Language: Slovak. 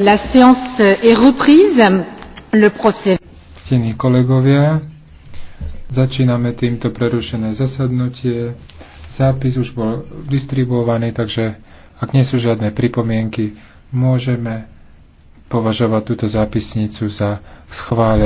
La séance est reprise. Le procès. Ctení kolegovia, začíname týmto prerušené zasadnutie. Zápis už bol distribuovaný, takže ak nie sú žiadne pripomienky, môžeme považovať túto zápisnicu za schválenú.